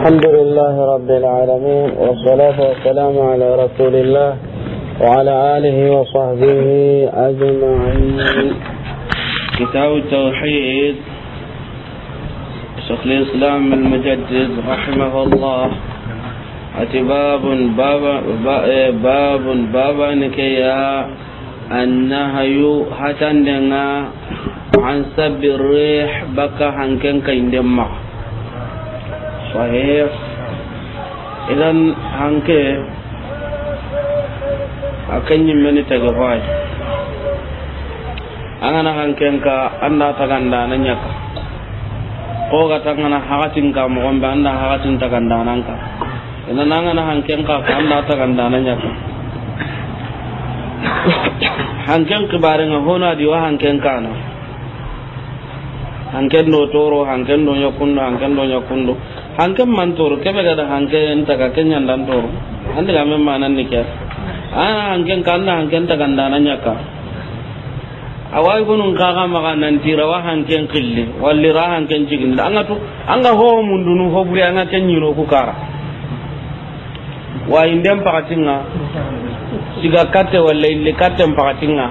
الحمد لله رب العالمين والصلاة والسلام على رسول الله وعلى آله وصحبه أجمعين كتاب التوحيد شيخ الإسلام المجدد رحمه الله أتي باب باب باب باب نكيا النهي هتندنا عن سب الريح بكا هنكن كيندمه sahih idan hanke akan yin mani tagafai an gana hanken ka an da ta ganda nan yaka ko ga ta gana hakatin ka mɔgɔn bɛ an da hakatin ta ganda nan ka idan an gana hanken ka an da ta ganda nan yaka hanken kibarin hono wa hanken kana hanken do toro hanken do nyakundo hanken do nyakundo hanke man toro kebe gada hanke nta ka kenya ndan toro ande ga men manan ni kya ana ah, hanke kan na hanke nta kan dana nyaka awai gunun ka ga maka nan tira wa hanke kille walli ra hanke jigin anga to anga ho mun dunu ho buri anga ken nyiro ku kara wa indem pakatinga siga kate walla ille kate pakatinga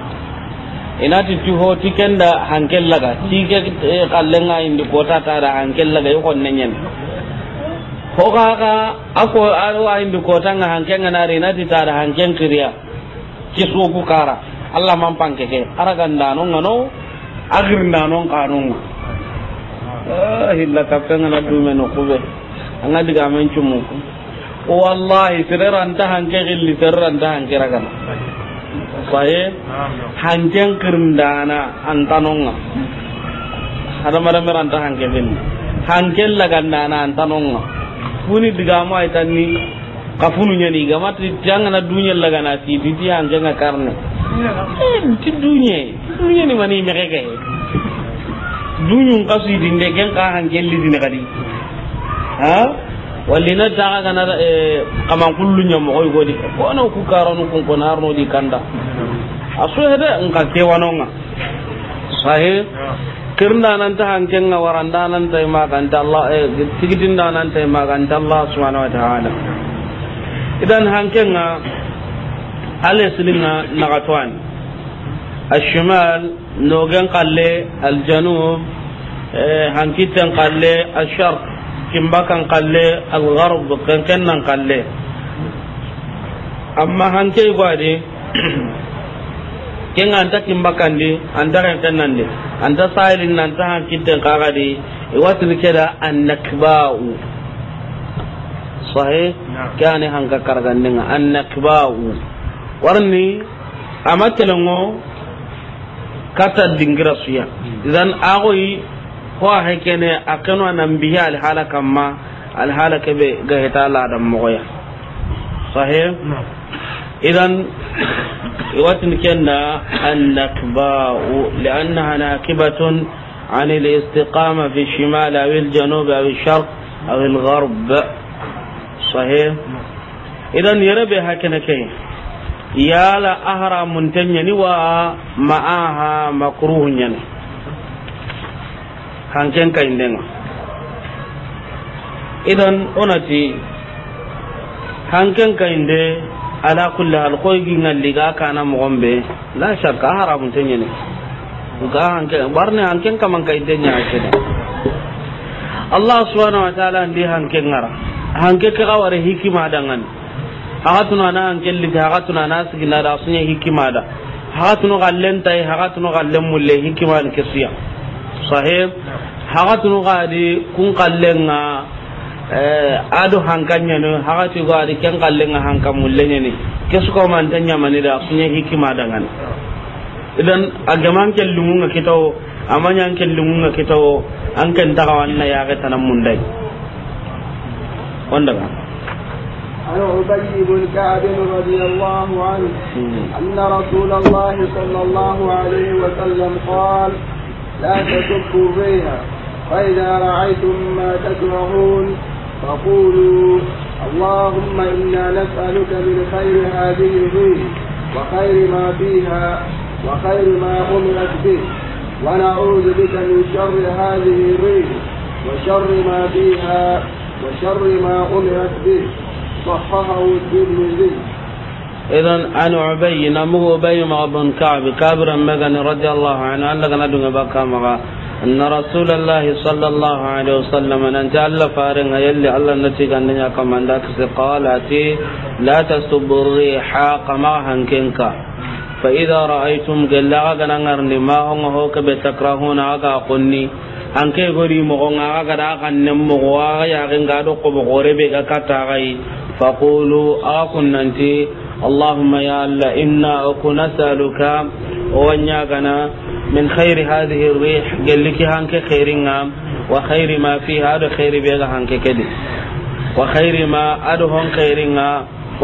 inati ti ho ti kenda hankel laga ti ke eh, kallenga indi kota ta da hankel laga yokon nenyen hogaga ako aro ayindi kotanga hankenga nari nati tada hanken kiriya kisuku kara allah man panke ke aragandano ngano agirindano kanunga ah, hilla kaptenga na dume no kube anga diga men cumuku wallahi ta hanke gilli ta hanke ragana saye hanken kirindana antanonga hadamadame ranta hanke gilli hanken lagandana antanonga kafuni diga ma itanni kafunu nyani ga mati janga na dunya laga na ti ti han janga karne eh, ti dunye dunye ni mani me keke dunyun kasu dinde gen ka han gelli dine kadi ha walli na ta ga na eh, kaman kullu nyam ko go di ko na ku karonu kun ko narno di kanda asu hede in ka ke wanonga sahih kirnda nan ta hankin a waranda nan ta yi maganta Allah eh tikitin da nan ta yi maganta Allah subhanahu wataala idan hankin a alisilin a nagatuwan a shimal nogen kalle aljanub eh, hankitan kalle a kimbakan kalle algharb kankan nan kalle amma hankin gwade kin an ta kimbakan di andare daren di an anta sa'ilin nan ta ta hankidin da an na annakba'u sahi kyani hanka kargannin annakba'u warni a matalango kata dingira suya idan agoyi ko a ne a kanu nan biya alhalakan ma alhalaka bai ga hita ladan magoya sahi إذا يوتنكنا النكباء لأنها ناكبة عن الاستقامة في الشمال أو الجنوب أو الشرق أو الغرب صحيح إذا يربي هكذا يا لا أهرى منتنيا yani معها مكروه makruhun yani كاين kayin إذا أنا تي hanken كاين de ala kulli hal ko gi ngalli ga kana mo gombe la shakka haramun tanya ne ga hanke barne hanke kaman kai denya ake Allah subhanahu wa ta'ala ndi hanke ngara hanke ke ware hikima dangan hakatuna na hanke li hakatuna na sigina da sunya hikima da hakatuna gallen tai hakatuna gallen mulle hikima ke siya. sahib hakatuna gadi kun kallenga ado hankanya no hakati go adi ken kallenga hanka mullenya ke su ko man tanya manida kunya hikima da gan idan agaman ken lumunga kitawo amanya an ken lumunga kitawo an kan ken wannan ya ga tanan mun dai wanda ba عن عبي بن كعب رضي الله عنه أن رسول الله صلى الله عليه وسلم قال لا تسبوا الريح فإذا رأيتم ما تكرهون فقولوا اللهم إنا نسألك من خير هذه الدين وخير ما فيها وخير ما أمرت به ونعوذ بك من شر هذه الريح وشر ما فيها وشر ما أمرت به صححه الترمذي إذن أنا عبي نمو بين بن كعب كابرا مغني رضي الله عنه أنك ندعو بكامغا أن رسول الله صلى الله عليه وسلم أن جعل فارن يلي الله نتيجة أن كما عندك قالت لا تسبوا الريح كما هنكنك فإذا رأيتم قل أغن أغرني ما هم هوك بتكرهون أغا قني أنك يقولي مغن أغن أغن مغوا يغن قادو قبغوري بك كتاغي فقولوا أغن أنتي اللهم يا الله إنا أكون نسألك ونياغنا من خير هذه الريح قل لك هانك خيرنا وخير ما فيها هذا خير بيغا هانك كده وخير ما أدهن خيرنا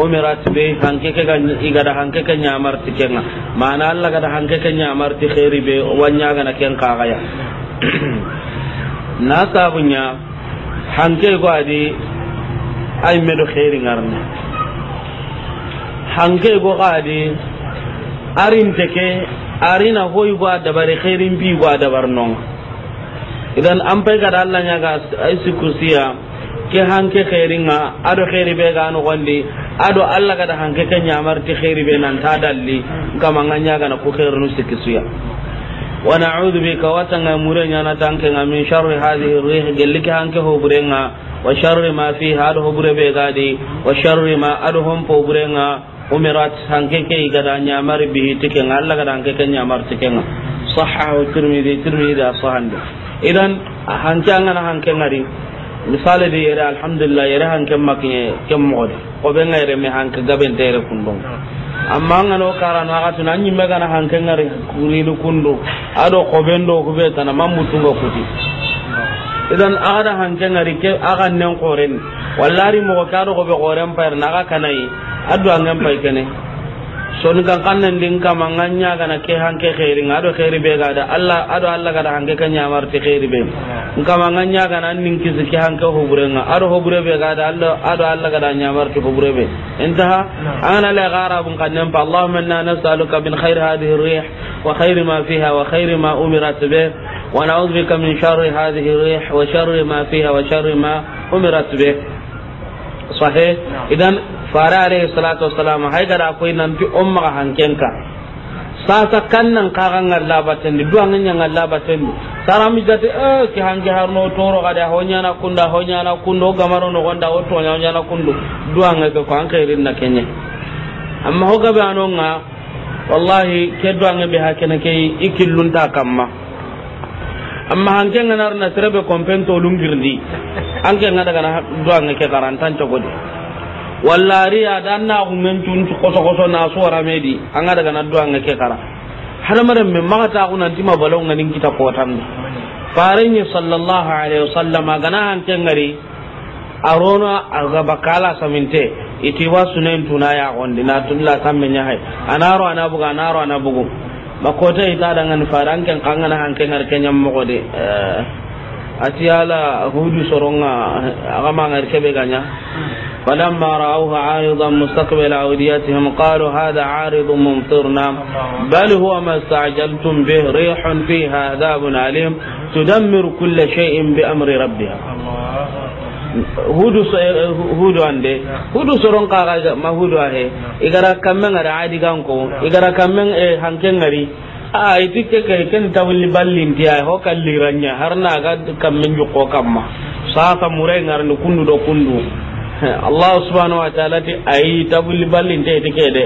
umirat be hanke ke gan igada hanke ke nyamarti kenga mana alla gada hanke ke nyamarti khairi be wanya gana ken kagaya na sabunya hanke go adi ay medo khairi ngarna hanke go gadi arin teke arina hoy go dabari khairin bi go dabar non idan an pai kada Allah nya ga aisi kusiya ke hanke khairinga ado khairi be ga no gondi ado Allah kada hanke kan nyamar ti khairi be nan ta dalli kama nganya ga na ku khairinu sikisuya ونعوذ بك واتنا مرنا نتانكنا من شر هذه الريح جلك هانك هبرنا وشر ما wa الهبر ma وشر ما أدهم فبرنا umirat hanke ke gada nyamar bihi tiken Allah gada hanke ke nyamar tiken sahahu tirmidhi tirmidhi da sahando idan hanke an hanke ngari misali da yare alhamdulillah yare hanke makinye ken mode ko ben ngare me hanke gaben tere kundon amma an gano karano aka tuna an yimme gana hanke ngari kulini kundo ado ko ben do ko be tana mamutunga kuti idan aga da hanke ngari ke aga nen koreni wallari mo ka do be goren par naga kanai adu angam pai kene soni kan kannan din kama nganya kana ke hanke khairi ngado khairi be ga da ado Allah ga da hanke kanya mar te khairi be kama nganya kana nin kisi ke hanke hubure nga ado hubure be ga da Allah ado Allah ga da nyamar te hubure be intaha ana la gharabun kannan fa Allahumma inna nas'aluka min khair hadhihi ar-rih wa khair ma fiha wa khair ma umirat be wa na'udhu bika min sharri hadhihi ar-rih wa sharri ma fiha wa sharri ma umirat be sahe idan fara alaihi salatu wassalam hay gara koy nan ti umma ga hankenka sasa kannan kaga ngalla batendi duwa nganya ngalla batendi sarami jati eh ki hange harno toro kada honya na kunda honya na kundo gamaro no gonda o tonya honya na kundo duwa ga ko an kairin na kenye amma hoga ba anonga wallahi ke duwa ngabe hakena ke ikillun ta kamma amma hanke ngana na trebe kompento lungirndi anke ngada kana duwa ngeke karantan cogode wallari adan na gumen tun koso koso na suwara medi anga daga na duwa ngeke kara har mare me magata kuna tima balon ngani kita kotan farin sallallahu alaihi wasallama gana hanke ngari arona aga bakala saminte iti wa sunen tunaya gondi na tunla kamme nya hay anaro anabuga anaro anabugu makota ita da ngani fara kan ngana han kan yam mo gode eh, hudu soronga aga ngar kebe ganya فلما رأوها عارضا مستقبل أوديتهم قالوا هذا عارض ممطرنا بل هو ما استعجلتم به ريح فيها عذاب أليم تدمر كل شيء بأمر ربها hudu so eh, hudu ande hudu so soron kaga ma hudu ahe igara kamme ngara adi ganko igara kamme eh, hanke ngari a iti ke ke ken tawli ballin dia ho ranya harna ga kamme ko kamma sasa murai ni kundu do kundu allah subhanahu wa ta'ala ti ayi tabulli ballin te de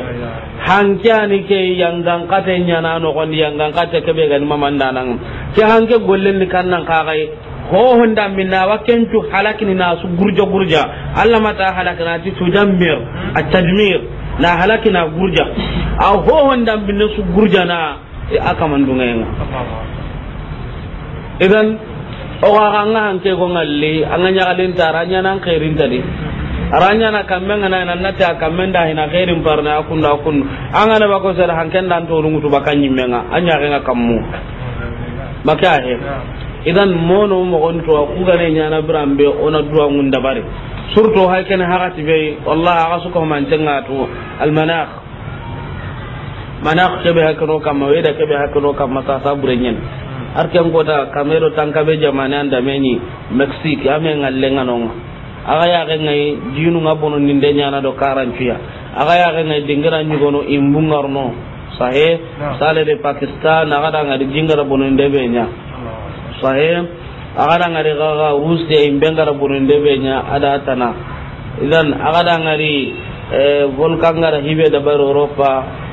hanke ani ke gang kate nyana no kon gang kate ke be gan mamanda nan ke hanke gollen ni kannan ka kai ho honda minna wa kencu halakini na su gurja gurja allah mata halakina ti tujammir at tajmir na halakina gurja a ho honda minna su gurja na e aka mandunga yanga idan o ga nga hanke go ngalle anga ta taranya nan khairin tadi aranya na kammen na nan nata kammen da hina khairin parna akun da akun anga na bako sar hanken dan to rungutu bakanyi a anya ga kammu maka he idan mono mo on to ku ga ne nyana brambe ona duwa mun dabare surto hay ken hakati be wallahi aga suko man tanga to al manakh manakh ke be kam kama weda ke be hakano kama sa sabure nyen hmm. arken kota kamero tanka be jamane anda meni mexique ame ngalle nganong aga ya ke ngai jinu ngabono ninde nyana do karancuya aga ya ke ngai dingira nyugono imbungarno sahe hmm. sale de pakistan aga da ngadi jingara bono nde nya sahe agada ngari gaga rusde imbengara burunde benya ada tana idan agada ngari eh, volkan gara hibe da bar europa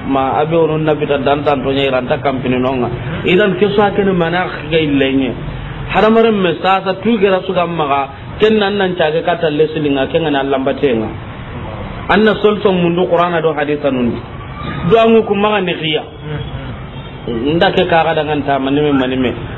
ma abe onun nabi ta dantan to nyira ranta kampini nonga idan kiswa hakene mana ga illenye haramaram me sasa tu gara su gamma ga ken nan nan caga katal leslinga ken nan lambatenga anna solson mundu qur'ana do hadisan nun do angu kuma ga ne khiya hmm, hmm. ndake ka ga dangan ta manime manime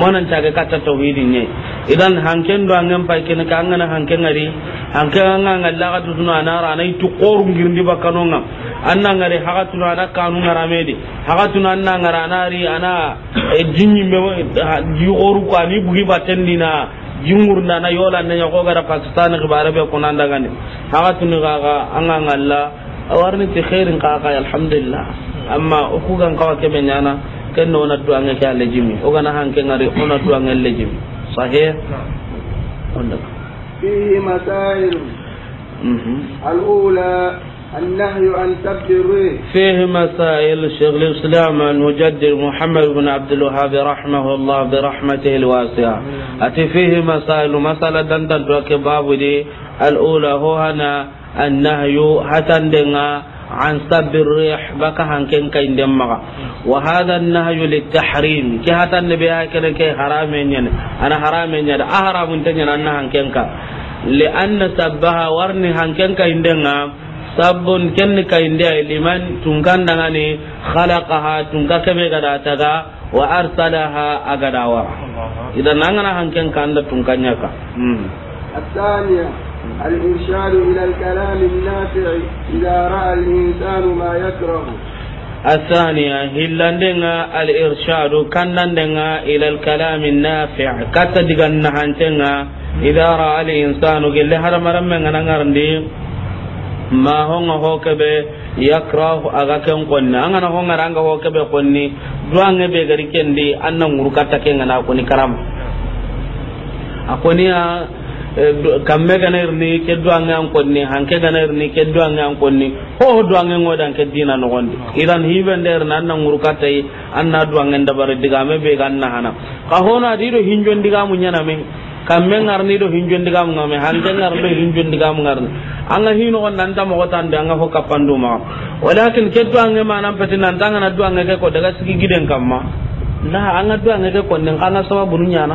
monan tage katta tauhidin ne idan hanken do angen pai kene ka angana hanken ngari hanken anga ngalla ka tuno anara anai tu qorun girndi bakanonga anna ngari haga tuno ana kanu ngaramedi haga tuno anna ngara anari ana eh, jinni me ji qoru ka ni bugi baten na jingur na na yola na yako gara pakistan khibara be kunan gani ne haga tuno ga anga ngalla awarni ti khairin ka ka alhamdulillah amma ukugan ka ke nyana كن ona du anga لجيمي lejimi o gana han ken ngari ona du anga lejimi sahih onda الاولى النهي عن سب الريح فيه مسائل شيخ الاسلام المجدد محمد بن عبد الوهاب رحمه الله برحمته الواسعه اتي فيه مسائل مساله دندن باب دي الاولى هو هنا النهي حتى هتندنا عن سب الريح بك هنكين كن كين دمغا وهذا النهج للتحريم كي هتا النبي هكذا كي حرام يعني أنا حرام يعني أحرام تنين أنا هنكين كا لأن سبها ورني هنكين كن كين sabbun kenni kainde liman tunkan dangani khalaqaha tunka kebe gada taga wa arsalaha agada wa idan nangana hanken kanda tunkanya ka الثانية الإرشاد إلى الكلام النافع إذا رأى الإنسان ما يكره الثانية هلندنا الإرشاد كنندنا إلى الكلام النافع كتدقنا هنتنا إذا رأى الإنسان قل لها مرمنا نغرندي ما هو هو كبه yakrahu aga ken konni an gana hongar an ga hoke be konni duwan ga be gari kendi annan wurkata ken gana kuni karam akoniya kamme ganar ni ke duanga an konni hanke ganar ni ke duanga an konni ho duanga ngodan ke dina no gondi idan hiben der nan nan ngurukata yi anna duanga ndabar diga me be na hana ka hona dido hinjon diga mun yana me kamme ngarni do hinjon diga mun ngame hanke ngardo hinjon diga mun ngarni anga hino on nan ta tamo gotan de anga ho kapandu ma walakin ke duanga manan pati nan tanga na duanga ke ko daga sigi giden kamma la anga duanga ke konni anga sababu nunya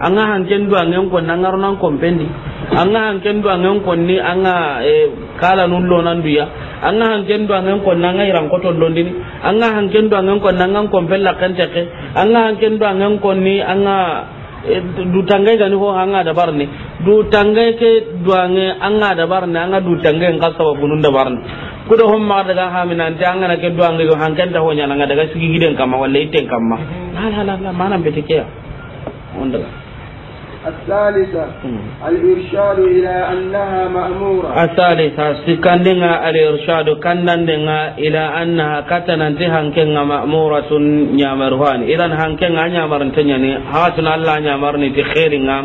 anga hanken du angen kon nan ngaronan kompendi anga hanken du angen ngon ni anga e, kala nun nullo nan duya anga hanken du angen kon nan ran ko ton ndini anga hanken du angen ngon nan ngan kompen la kan teke anga hanken e, du angen ngon ni anga du tangai gani ho anga da barne du tangai ke duange anga da barne anga du tangai ngal sababu nun da barne kudo hom ma daga ha min ante anga na ke duange go hanken ta ho nyana daga sigi giden kama walla iten kama mhm. la la la mana betike ya on الثالثة الإرشاد إلى أنها مأمورة الثالثة سكننا الإرشاد كننا إلى أنها كتنا هنكنا مأمورة نعمرهان إذا هنكنا نعمر تنيني هاتنا الله نعمرني تخيرنا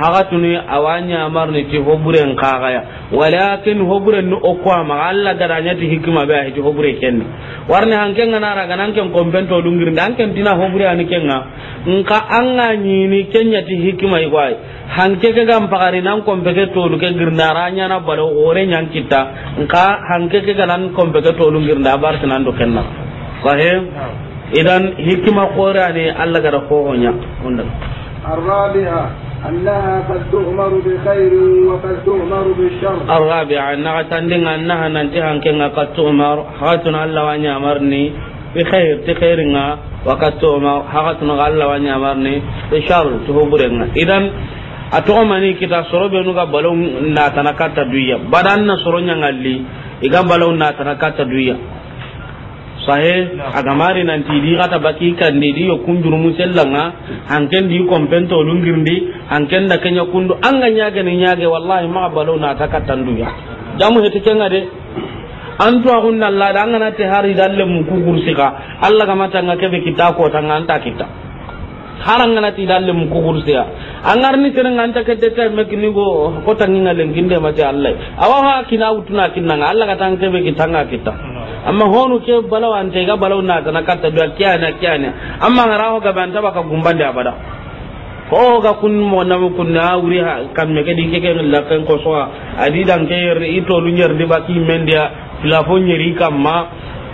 haka tuni awanya marni ti hoburen kagaya walakin hoburen nu okwa ma Allah ne ti hikima ba ti hobure kenni warne hanken ngana raga nanken kompento dungir danken dina hobure ani kenga nka anga nyini kenya ti hikima igwai hanke ke gam pagari nan kompeke to luke girnaranya na balo ore nyang kita nka hanke ke ganan kompeke to lungir da bar tinan do kenna sahe idan hikima qur'ani Allah gada ko honya unda arabiha أنها قد تؤمر بخير وقد تؤمر بالشر الرابعة أنها تندن أنها ننتهى كنا قد تؤمر حاتنا الله وأن يأمرني بخير تخيرنا وقد تؤمر حاتنا الله وأن يأمرني بشر تهبرنا إذن atogomani kita soro benu ga balon natana katta duya badan na soro nyangalli iga balon natana katta duya sahe agamari nanti di kata baki kan di di yokun jurumu sellanga hanken di kompento lungirndi hanken da kenya kundu anga ganin ni nyaage wallahi ma balo na takatan duya jamu hete kenga de an tuwa kunna Allah da an gana hari dalle mu Allah ga mata nga kebe kita ko ta nga kita harangana ti dalle mu ni angarni tenen anta kedde ta mekni go ko tanginga lenginde mate allah awa ha kina utuna kinna allah ka tan kebe kitanga kita amma honu ke balaw ante ga balaw na tan katta do kiyana kiyana amma ngaraho ga banta baka gumbande abada ko ga kun mo na mu kun na wuri kam me ke dinke ke la kan ko so adi dan ke ito lu nyer di baki mendia plafon nyeri kam ma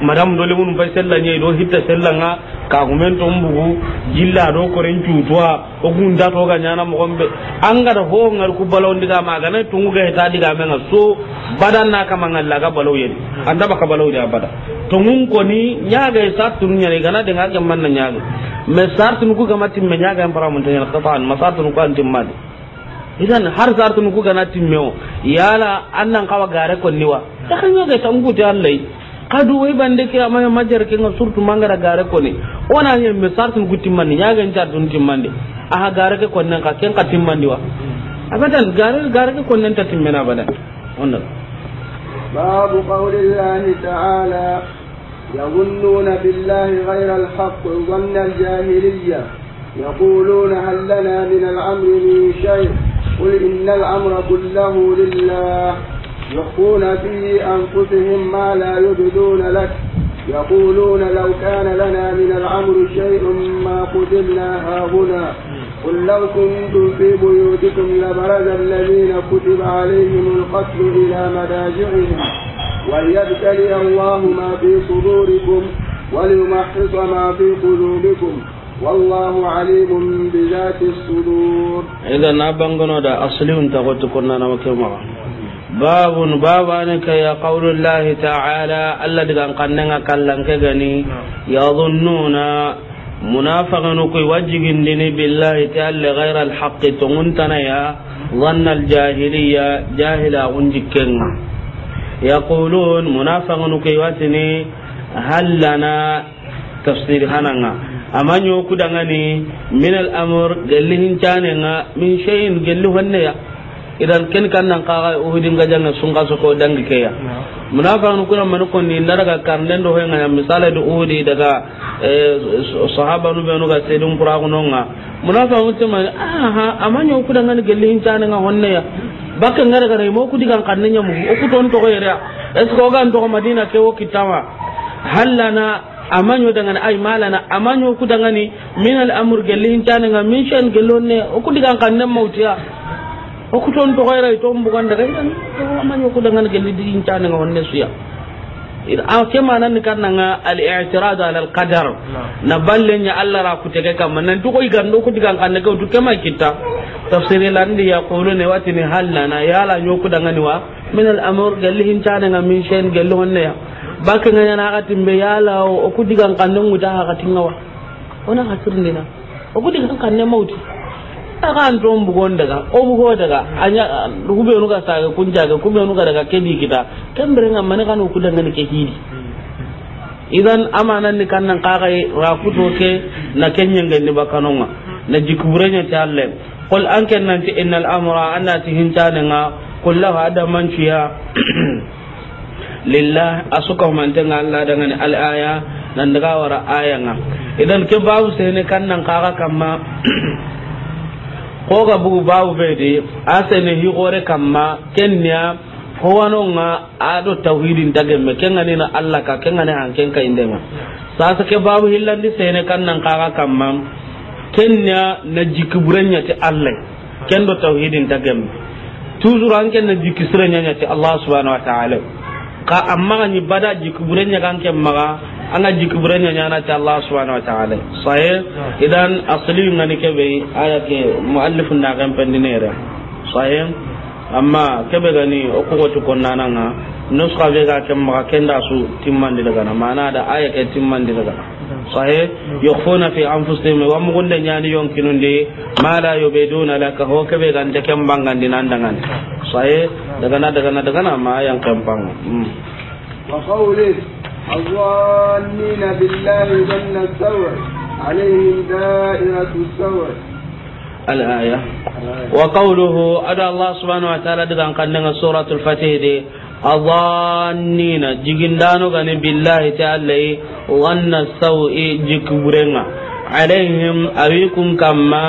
madam dole mun bai sella nye do hitta sella nga ka gumen to mbugu jilla do ko ren tuwa o da to ga nyana mo gombe anga da ho ngal ku balaw ndiga ga na tungu ga ta diga menga so badan na mangal la ga balaw yedi anda ka balaw ya bada to mun ko ni ga sa tun ga na de ga man na ga me sa tun ku ga matin me nya ga para mun tan ma sa tun ku tin mad idan har sa tun ku ga na timmewo yala annan kawa gare kon niwa ta kan ga ku ta Allah kadu wai da ke amma majar ke nga surtu mangara gare ko ne ona ne me sartin gutti manni nyaga en tartun timmande aha gare ke ko nan ka ken ka timmandi wa abadan gare gare ke ko nan ta mena abadan wannan babu qaulillahi ta'ala يظنون billahi غير الحق ظن الجاهلية يقولون هل لنا من الأمر من شيء قل إن الأمر كله لله يخفون في أنفسهم ما لا يبدون لك يقولون لو كان لنا من الأمر شيء ما قتلنا هاهنا قل لو كنتم في بيوتكم لبرز الذين كتب عليهم القتل إلى مداجعهم وليبتلي الله ما في صدوركم وليمحص ما في قلوبكم والله عليم بذات الصدور إذا نابنغنا دا أصلي انت قلت كنا مره. babun babane ka ya qaulullahi ta'ala allah diga kannenga kallanke gani yadhunnuna munafaqanu kuy wajjigindini billahi ta'ala ghayra alhaqqi tunguntana ya dhanna aljahiliya jahila gunjikkenga yaqulun munafaqanu kuy watini hal lana tafsir hananga amma nyo kudangani min al-amr gallihin min shay'in galli wanne ya idan ken kan nan kaga uhudin ga jangan sun ga soko dangi keya munafiqun kuna man ko ni kan nan do hoyanga misale do uhudi daga eh, sahaba nu nu ga sedum pura kunonga ce tuma aha amanyo ku daga ni hin tan nga honne ya baka ngara gara mo ku digan nan nyamu o ku ton to hoyra es ko ga ndo madina ke o kitama halana amanyo daga ay malana amanyo ku daga ni min al amr hin tan nga min shan gelonne o ku digan kanne mautiya o kuton to gaira to mbugan daga idan to man yo kudangan gelli digin tane ne suya ah, a ke manan ni kan nga al i'tirad ala al qadar na ballen ya Allah ra ku tege kam nan to ko igando ku digan kan ga to kema kita tafsiri lan di yaquluna watini na ya la nyo ku dangani wa min al amr galli hin tane nga min shen galli honne ya baka nga na ga timbe ya la o ku digan kan nan mu da ga tinga wa ona hasirni na o ku digan kan ne mauti akan ton bugon daga o bugo daga anya kubenu ka saga kunja ga kubenu nuka daga kedi kita kan bere ngamane kan ku daga ne kehidi idan amanan ni kan nan kaga rakuto ke na kenyen ga ni bakanonga na jikuburenya ta Allah qul an kan nan ti innal amra anna tihinta nga kullahu adaman ciya lillah asuka mantanga Allah daga ni al aya nan daga wara aya nga idan ke babu kan nan kaga kamma koga bugu babu bedi asene hi gore kamma kenya howanonga ado tauhidin dagemme kengani na allah ka kengani hanken ka indema sasa ke babu hillandi sene kannan kaga kamma kenya na jikiburenya ti allah kendo tauhidin dagemme toujours anken na jikisirenya ti allah subhanahu wa ta'ala ka amma ni bada jikiburenya kanken maga anga jikubure ya nyana ta Allah subhanahu wa ta'ala sahih idan asli ngani ke be aya ke muallif na kan ne ra sahih amma kebe gani o ko to konna nanga nuska be ga kan ma kenda su timman di daga na mana da aya ke timmandi daga sahih yukhfuna fi anfusihim wa mugunde nyani yonkinunde ma la yubiduna laka ho kebe gan kan bangan dinan dangan sahih daga na daga na daga na ma kan kempang Mm. wa qawli الظالمين بالله ظن السوء عليهم دائرة السوء الآية وقوله أدى الله سبحانه وتعالى دقان قدنا سورة الفتح دي الظانين جيجندانو غني بالله تعالى ظن السوء جيكبرنا عليهم أبيكم كما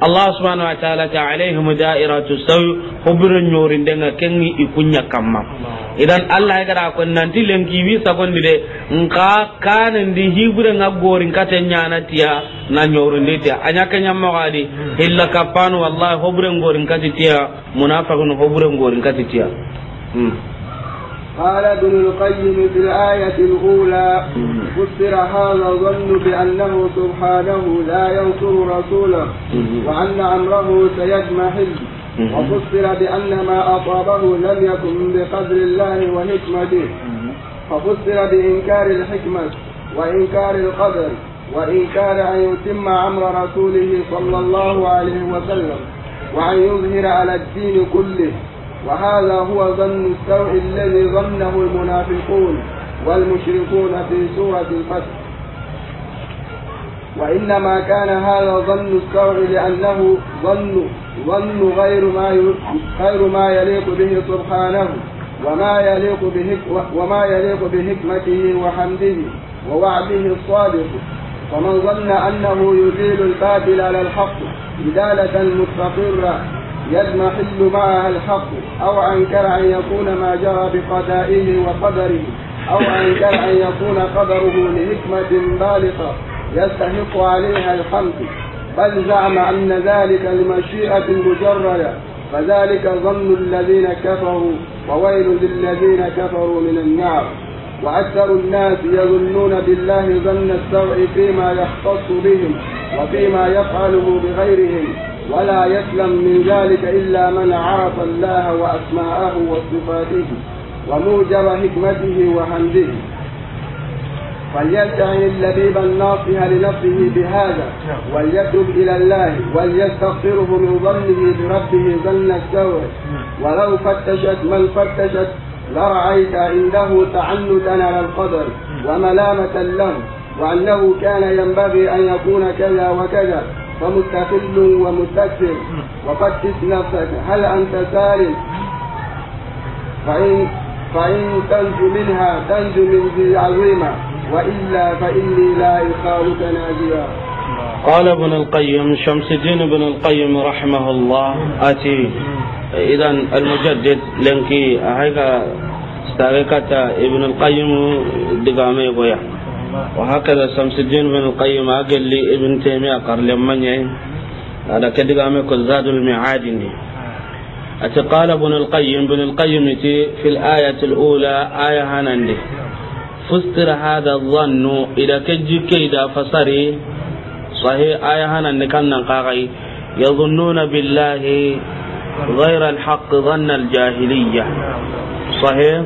allah subhanahu wa ta'ala ta alaihi alaihim da'iratu saw hubrin nyorin denga kengi ikunya kamma idan allah ya gara kun nan nanti lengi wi sagondi de nka kanan di hibure nga gorin katenya na tiya na nyorin de tiya anya kanya gadi illa kapanu wallahi hubrin gorin katiya munafiqun hubrin gorin katiya hmm. قال ابن القيم في الآية الأولى فسر هذا الظن بأنه سبحانه لا ينصر رسوله وأن أمره سيجمحل وفسر بأن ما أصابه لم يكن بقدر الله وحكمته ففسر بإنكار الحكمة وإنكار القدر وإنكار أن يتم أمر رسوله صلى الله عليه وسلم وأن يظهر على الدين كله وهذا هو ظن السوء الذي ظنه المنافقون والمشركون في سورة الفتح وإنما كان هذا ظن السوء لأنه ظن ظن غير ما غير ما يليق به سبحانه وما يليق به وما يليق بحكمته وحمده ووعده الصادق ومن ظن أنه يزيل الباطل على الحق إزالة مستقرة يضمحل معها الحق أو أنكر أن يكون ما جرى بقضائه وقدره أو أنكر أن يكون قدره لحكمة بالغة يستحق عليها الحمد بل زعم أن ذلك لمشيئة مجردة فذلك ظن الذين كفروا وويل للذين كفروا من النار وأكثر الناس يظنون بالله ظن السوء فيما يختص بهم وفيما يفعله بغيرهم ولا يسلم من ذلك إلا من عرف الله وأسماءه وصفاته وموجب حكمته وحمده فليدعي اللبيب الناصح لنفسه بهذا وليتب إلى الله وليستغفره من ظنه بربه ظن السوء ولو فتشت من فتشت لرأيت عنده تعنتا على القدر وملامة له وأنه كان ينبغي أن يكون كذا وكذا ومستقل ومستكبر وفتش نفسك هل أنت سالم فإن فإن تنجو منها تنجو من ذي عظيمة وإلا فإني لا يخالك ناجيا قال ابن القيم شمس الدين ابن القيم رحمه الله أتي إذا المجدد لنكي هيك استغيكة ابن القيم دقامي قويا وهكذا شمس الدين بن القيم أقل لي ابن تيمية قال لمن هذا كده قامك الزاد المعاد أتقال ابن القيم بن القيم في الآية الأولى آية هنندي فسر هذا الظن إذا كجي كيدا فصري صحيح آية هنندي كان قاغي يظنون بالله غير الحق ظن الجاهلية صحيح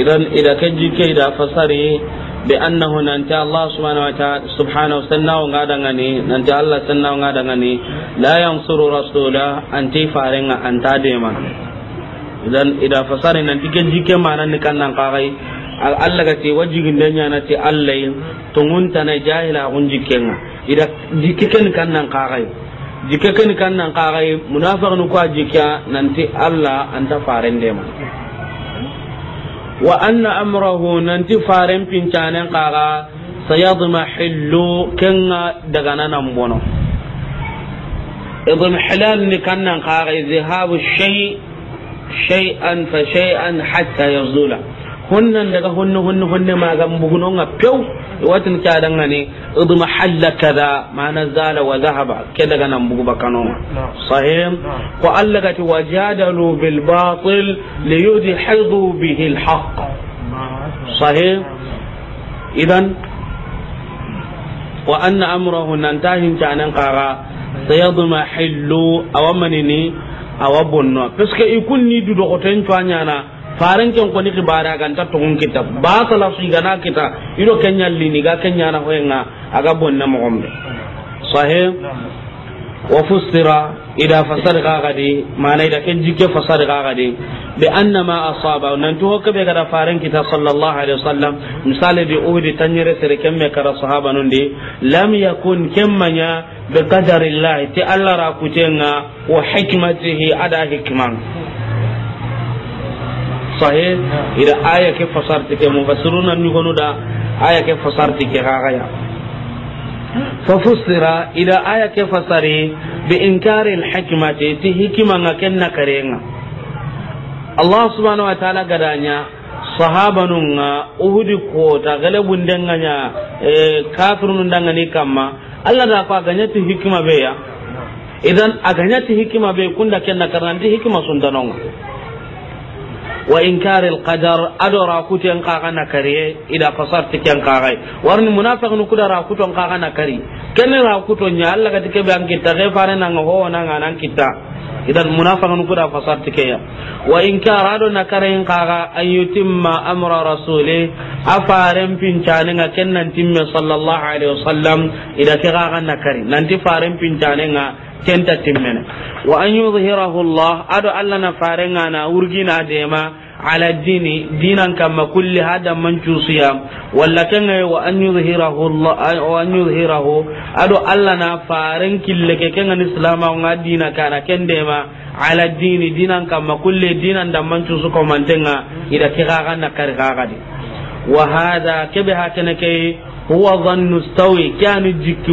إذا إذا كجي كيدا فصري bi annahu nanta Allah subhanahu wa ta'ala subhanahu sanna wa ngadanga ni nanta Allah sanna wa ngadanga ni la yansuru rasula anti farenga anta dema idan ida fasari nan tigen jike manan ni kannan kakai Allah ga ce wajigin da nyana ce Allah tungun tana jahila kun jikenga ida jikiken kannan kakai jikeken kannan kakai munafiqun ko jikya nanti Allah anta faren dema wa anna amrahu nanti faren pincanen kaga sayadmahillu kenga daga nanan bono idmihilal ni kannan kaga izihabu shay shay'an fa shay'an hatta yazula hunnan daga hunnu honno honne maga mbuguno nga pew watin ka danga ne idma halla kada mana zala wa zahaba ke daga nan bugu bakano sahim ko Allah ti wajadalu bil batil li yudhidu bihi al haqq sahim idan wa anna amrahu nan tahin canan qara sayadma hillu awamanini awabunno parce que ikun du do ko tan cuanya na faran ken ko ni kibara kan ta tungun kita ba sala su gana kita ido kenya lini ga kenya na hoyenga aga bonna mo gombe sahih wa fustira ida fasar gagadi mana ida ken jike fasar gagadi bi annama asaba nan to ko be ga faran kita sallallahu alaihi wasallam misali bi uhudi tanyere sere me kara sahaba non di lam yakun kemmanya bi qadarillahi ti allah ra tenga wa hikmatihi ada hikman sahe ida aya ke fasar tike mu mufassiruna ni gonu da aya ke fasar fasarti ga ya fa fusira ida aya ke fasari bi inkari al hikmati ti hikima nga kenna karenga Allah subhanahu wa ta'ala gadanya sahabanun nga uhudi kota galibin danganya e, kafirun dangane kama Allah da ku ganya ti hikima be ya idan aganya ti hikima be kunda kenna karanti hikima sundanonga wa inkaril alqadar adora kuten kaga na kariye ida fasar tiken kaga warni munafiq nu kudara kuton kaga na kari ken ra kuton ya Allah ga tike ban kitta ga fare nan ho nan nan kitta idan munafiq nu kudara fasar tike ya wa inkar ado na in kaga an amra rasuli afaren pincane ga ken timme sallallahu alaihi wasallam ida kaga na kari nan ti faren pincane ga kenta timmene wa an yudhhirahu Allah ado Allah na farenga na urgina dema ala dini dinan kama kulli hada man cusiya walla kenga wa an yudhhirahu Allah wa an yudhhirahu ado Allah na faren kille ke kenga ni islama nga dina kana ma ala dini dinan kama kulli dinan da man cusu ko mantenga ida kiraga na kargaga di wa hada kebe hakene kai huwa dhannu stawi kani jikki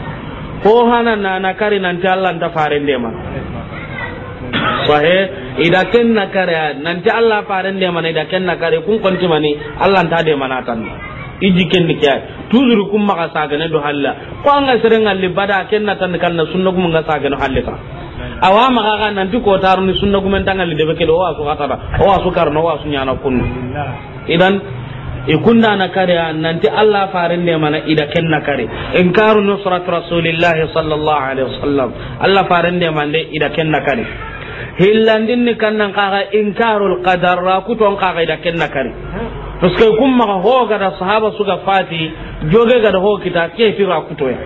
ko hanan na nakari ta allah ne ma sahe ida ken nan ta allah farendemana ida ken kare kun mani allah mana tan iji kendi kya tuzuru kun maka ne do halla ko anga serenga libada ken na kan kanna sunna sa ga sagane halle ta awa maka ga ti ko ni sunna kun mentanga lidebe kede o asu katara o asu karno o su nyana kun idan ikunda na kare nanti Allah farin ne mana ida ken na kare in karu nusrat rasulillah sallallahu alaihi wasallam Allah farin ne mande ida ken na kare hillandin ni kare in karu alqadar ra kuton kare ida ken na kare paske kun ma ho ga da sahaba suka fati joge ga da ho kita ke fi fira kutoya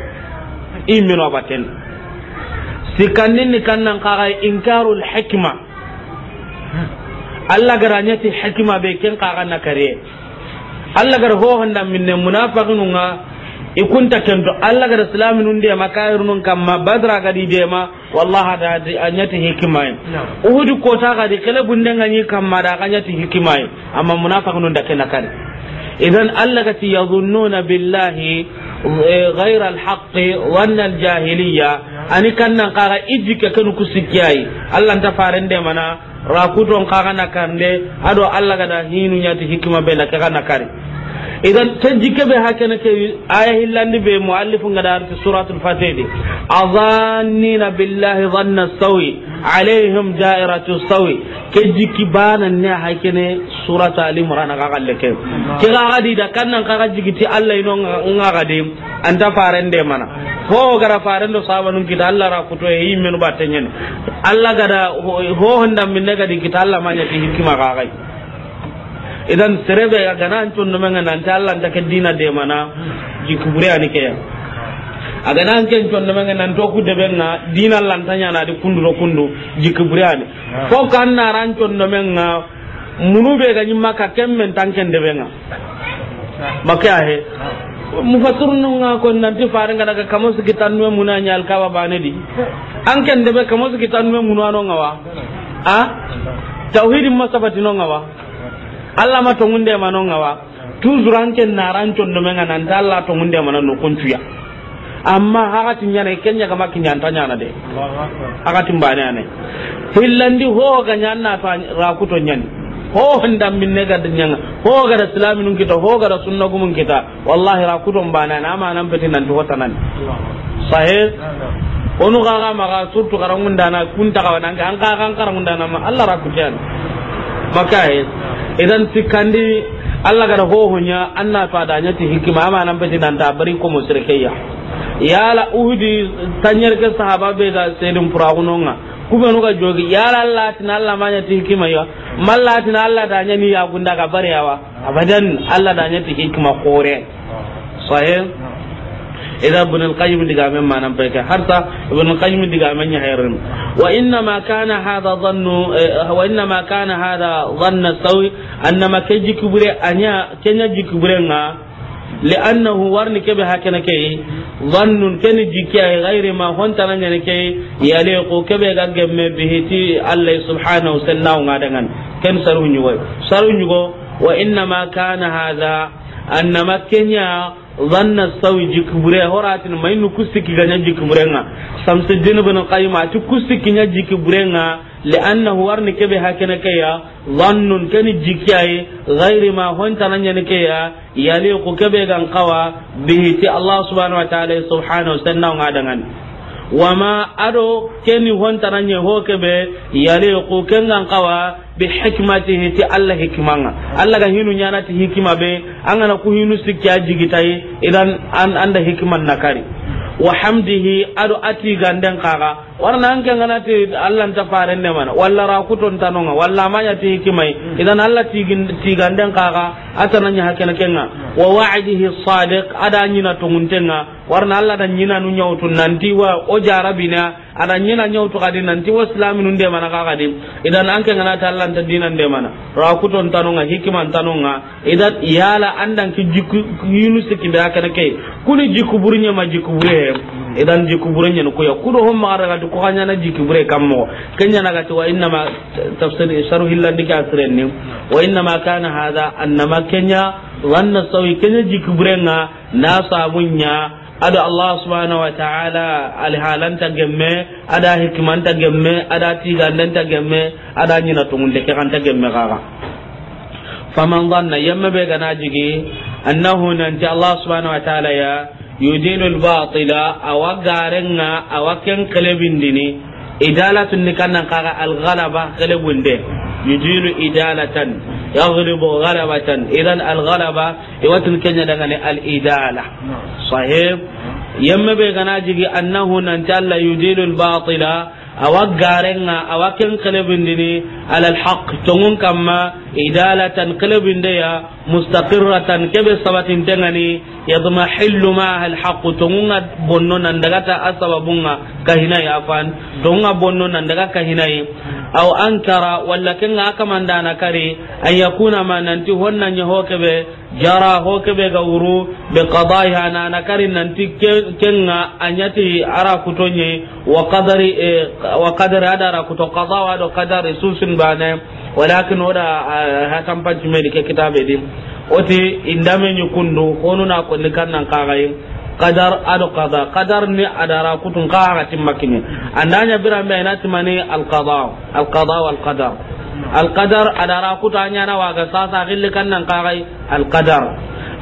imino baten sikannin ni kare in karu alhikma Allah garanyati hikma be ken kaga na kare allah gar ho handa minne munafiqun nga ikunta kento allah gar islami nun de makair nun kamma badra gadi de ma wallahi da di anyati hikmai uhud ko ta gadi kala bundenga ni ma da anyati hikmai amma munafiqun da kana kare idan allah gati yazunnuna billahi غير الحق وان الجاهليه ani kannan kaga ijike kanu kusikiyayi allah nta farende mana rakuton kaga nakarnde ado allah gada hinu nyati hikima be na kaga nakari idan ta jike be kene ke aya hillandi be muallif ga darti suratul fatih di azannina billahi dhanna sawi alaihim da'iratu sawi ke jiki bana ne hakene surata ali imran ga galle ke ke ga gadi da kannan ka jigiti allah ino nga gadi anta farende mana ho gara farendo sabanun kita allah ra kuto e yimmenu batenyen allah gada ho honda minne gadi kita allah manya ti hikima ga gai idan serebe ya gana an tun numen nan ta Allah ta kaddina de mana jikubure ani ke a gana an ken tun numen nan to ku de na dina Allah ta nya na di kundu ro kundu jikubure ani fo kan na ran tun numen na munu be ga nyimma ka kemmen tan ken de benga makya he mufassirun nga ko nan ti nanti faringa daga kamar su kitan nuwe muna nyal ba ne di an kan debe kamar su kitan nuwe muna no ngawa a ah? tauhidin masabati no ngawa allah ma to ngunde non wa toujours an ken naran condo menga nan dalla to ngunde manan kuncuya amma hakati nyana kenya kama kinyanta na de hakati mbane ane hillandi ho ga nyanna ta rakuto nyani ho handam ne ga nyanga ho ga islami nun kita ho ga sunna gumun kita wallahi rakuto mbane na ma nan peti nan to nan sahih onu ga ga maga surtu mun dana kun ta ga nan ga an ga kan mun dana ma Allah rakutian makai idan tikandi Allah gara ho hunya anna to adanya ti hikima ma nan bati dan da bari ko ya la uhudi tanyar ke sahaba be da sayyidun furagunonga kube nuka jogi ya la Allah tin Allah ma nya ti hikima ya malla tin Allah da nya ni ya gunda ka barewa abadan Allah da nya ti hikima kore sahih اذا ابن القيم دقام ما نبيك حتى ابن القيم ما يحيرم وانما كان هذا ظن وإنما كان هذا ظن السوي أنما كجي كبري انيا كنيا جي كبرينا لانه ورني كبه هكنا كي ظن كن جيكي غير ما هون ترى كي يليق كبه قم به تي الله سبحانه وتعالى ونادعن كن سرو نيوي سرو نيوي وانما كان هذا أنما كنيا zanna sawi jikbure horatin maynu kusiki ganya jikburenga samsuddin bin qayma ati kusiki nya jikburenga li'annahu warni kebe hakene kaya dhannun kani jikiyaye ghairi ma honta nanya ne kaya yaliqu kebe gan qawa bihi ti allah subhanahu wa ta'ala subhanahu wa ta'ala ngadangan wama ado keni hontaranye hokebe ko kengan kawa bi hikmatihi ti allah hikmanga allah ga hinu ti hikima be angana ku hinu sikya jigitai idan an anda hikman nakari wa hamdihi ado ati ganden kaga warna an kengana ti allah ta faren ne mana walla ra kuton tanonga walla manya ti hikmai idan allah ti ti ganden kaga atana nya hakena kenga wa wa'dihi sadiq ada nyina tunguntenga warna allah da nyina nu nyawtu nanti wa o jarabina ada nyina nyawtu kadi nanti wa islami nu de mana kadi idan anke ngana ta allah ta dinan de mana ra ku ton tanonga hikiman tanonga idan yala andan ki jikku yunus ki be akana ke kuni jikku burunya ma jikku bure idan jikku burunya nu kuya kudo hom ma ara kadi ko hanya na jikku bure kammo kenya na kati wa inna ma tafsir sharh illandi ka asrenni wa inna ma kana hada annama kenya wannan sawi kenya bure nga na sabunya ada allah subhanahu wa ta'ala alhalanta gemme ada hikmanta gemme ada tigandanta gemme ada nyina tungunde ke kanta gemme kaga faman dhanna yamma be gana jigi annahu nanti allah subhanahu wa ta'ala ya yudinu albatila awa garenga awa ken kelebindini idalatun ni kannan alghalaba kelebunde yujilu idalatan yaghlibu ghalabatan idan al ghalaba iwatul kenya daga ne al idala sahib yamma be gana jigi annahu nan talla yujilu al batila awa garenga awa ken kelebindini ala alhaq tongun kamma idalatan kelebindeya mustaqirratan kebe sabatin tengani yadmahillu ma al haqq tunga bonno nan daga ta asababunga kahina ya afan tunga bonno nan daga kahina yi aw ankara walla kinga akamanda na kare an yakuna ma nanti honna nya hokebe jara hokebe ga wuru be qada'i hana na kare nanti kenga anyati ara kutonye wa qadari eh, wa qadari adara kuto qada wa do qadari susun bane walakin oda eh, hasan panci me ke kitabe dim oti indame ni kundu honu na kunni kannan kagai qadar ado qada qadar ni adara kutun kaga timmakini andanya bira mai na timani al qada al qada wal qadar al qadar adara kutanya na waga sasa gilli kannan kagai al qadar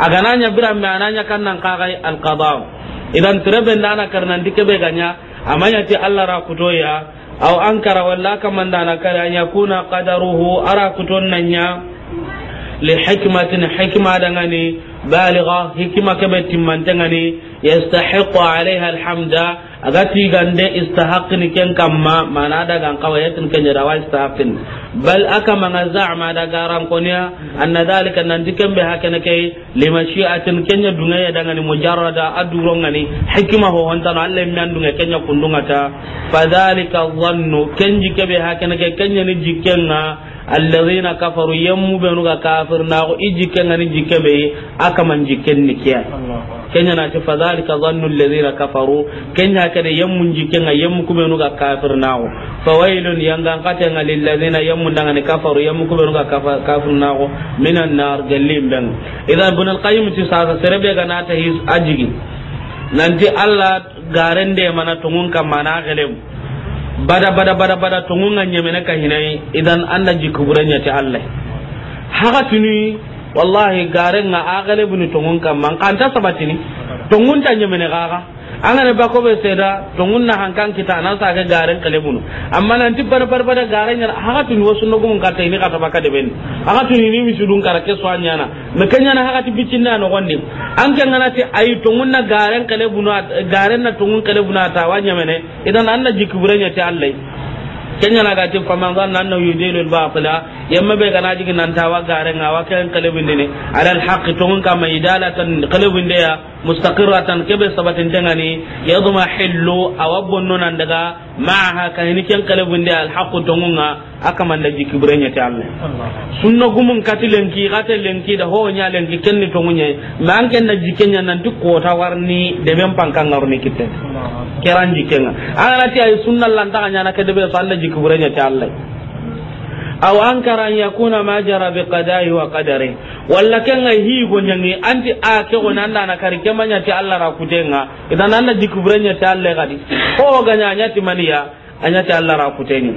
agananya bira mai ananya kannan kagai al qada idan tirabe nana karnan dike ganya amanya ti allah ra kutoya aw ankara walla kamandana kada an yakuna qadaruhu ara kuton li hikmatin hikma dangani baligha hikma kebe timmantengani yastahiqu alaiha alhamda agati gande istahaqni ken kamma mana daga kawayatin ken jada wa istahaqin bal aka manga za'ma daga rankonya anna dhalika nan dikem be hakana kay limashi'atin kenya dungaya dangani mujarrada adurongani hikma ho hontano alle nan dunga kenya kundunga ta fadhalika dhannu kenji kebe hakana ni alladhina kafaru yammu benu ga kafir na ko ijike ngani jike be aka man jiken ni kiya kenya na ce fa zalika dhannu alladhina kafaru kenya ka de yammu jike ngai yammu ku kubenu ga kafir na ko fa wailun yanga kata ngali alladhina yammu ni kafaru yammu ku kubenu ga kafir na ko minan nar gallim ben idan ibn alqayyim ci sa sa serebe ga na ta his ajigi nanti allah garen de mana tungun kam mana gelemu bada bada bada bada to ngunga nyemena ka hinai idan anda jikuburanya ta Allah haka tuni wallahi gare nga agale bunu tongun kam man kanta sabatini tongun ta nyemene gaga angane bako be seda tongun na hankan kita nan sa ga garen kale bunu amma nan tibba bada bada garen ya haka tuni wasu no gumun kata ini kata baka de ben haka tuni ni misudun karake swanya na me kanya na hakati na no wonni an kan na ti ay to munna garen kale bunu garen na tungun kale bunu ta wanya mene idan anna jikuburenya ti allai kenya na ga ti faman zan nan yudilu al-batila yamma be kana jigin nan ta wa garen awa kan kale ne alal haqq tungun kama idalatan kale ya mustaqirratan kebe sabatin tangani yadma hillu awabun nunan daga ma'aha kahini ken kale bunde al haqqu tongunga akaman da jiki burenya ta Allah sunna gumun katilen ki katilen ki da honya len ki kenni tongunye man ken da jikenya nan duk ko ta warni de ben pankan ni kitten keran jikenga ala ti ay sunna lan ta nya na kede be so Allah jiki ta Allah aw ankara an yakuna ma jara bi qada'i wa qadari walla kan hi gonyangi anti a ke gonanda na kari manya ti Allah ra kutenga idan Allah dikubrenya ti Allah gadi ko ganya nya ti maniya anya ti Allah ra kuteni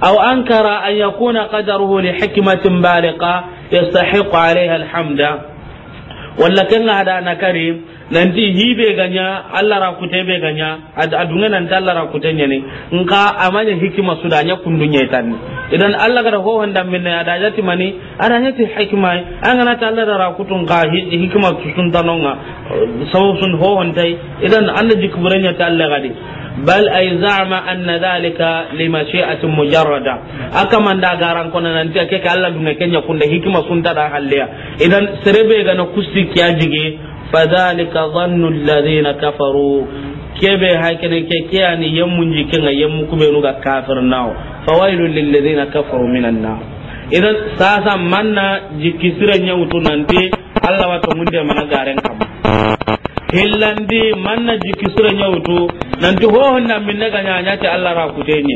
aw ankara an yakuna qadaruhu li hikmatin baliqa yastahiqu 'alayha alhamda walla kan hada na kari nanti be ganya Allah ra be ganya adunga nan Allah ra nya ne nka amanya hikima sudanya kundunya itan idan Allah gara ho wanda minna ada jati mani ana hati hikima an ana ta Allah ra kutun ka hikima sun tanonga sawu sun ho handai idan Allah jikburenya ta Allah gadi bal ay za'ama anna dhalika li mashi'atin mujarrada aka man da garan kona nan ake ke Allah dunga kenya hikima sun ta da halliya idan serebe ga na kusti kiya jige fa dhalika dhannu alladhina kafaru kebe hakene ke kiyani yammun jike ga yammu kube nu kafir nawo fawailul lil ladina kafaru minan nar idan sasa manna jikisira nyawtu nanti Allah wa to munde mana garen kam hillandi manna jiki sura nyawtu nanti hohon na minne ga nya ti Allah ra ku kutenye